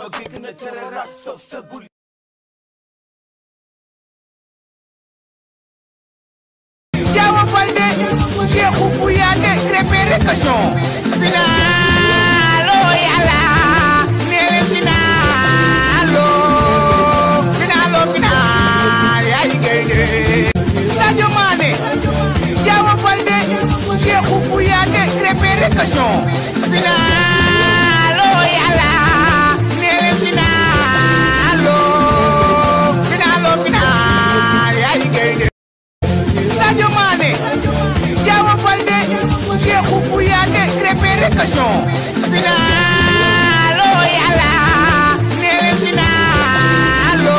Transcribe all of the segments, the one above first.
magigina jarara sofsa gul Jawa Balde, Cheikh Oufouyané, Crépé Récachon. Final, nele final, oh, final, oh, final, ay gaynde. Sadio Mané, Jawa Balde, Cheikh Oufouyané, Crépé Récachon. Final. émission finaalo yàlla nee leen finaalo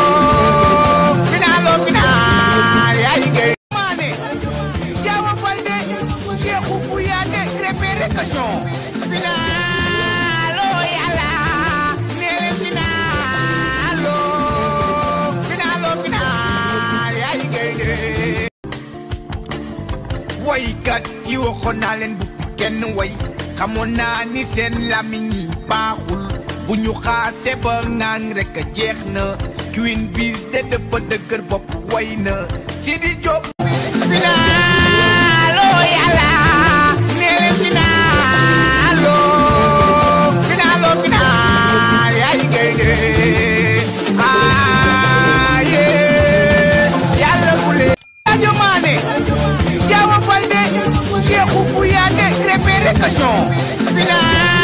finaalo finaal yaay gay maane jaawa balde Cheikhou Kouyaté yi waxoon naa leen kenn way xamoon naa ni seen làmmiñ yi baaxul bu ñu xaase ba ngaan rek a jeex na Queen Biz de dafa dëgër bopp way na Sidi Diop セカシ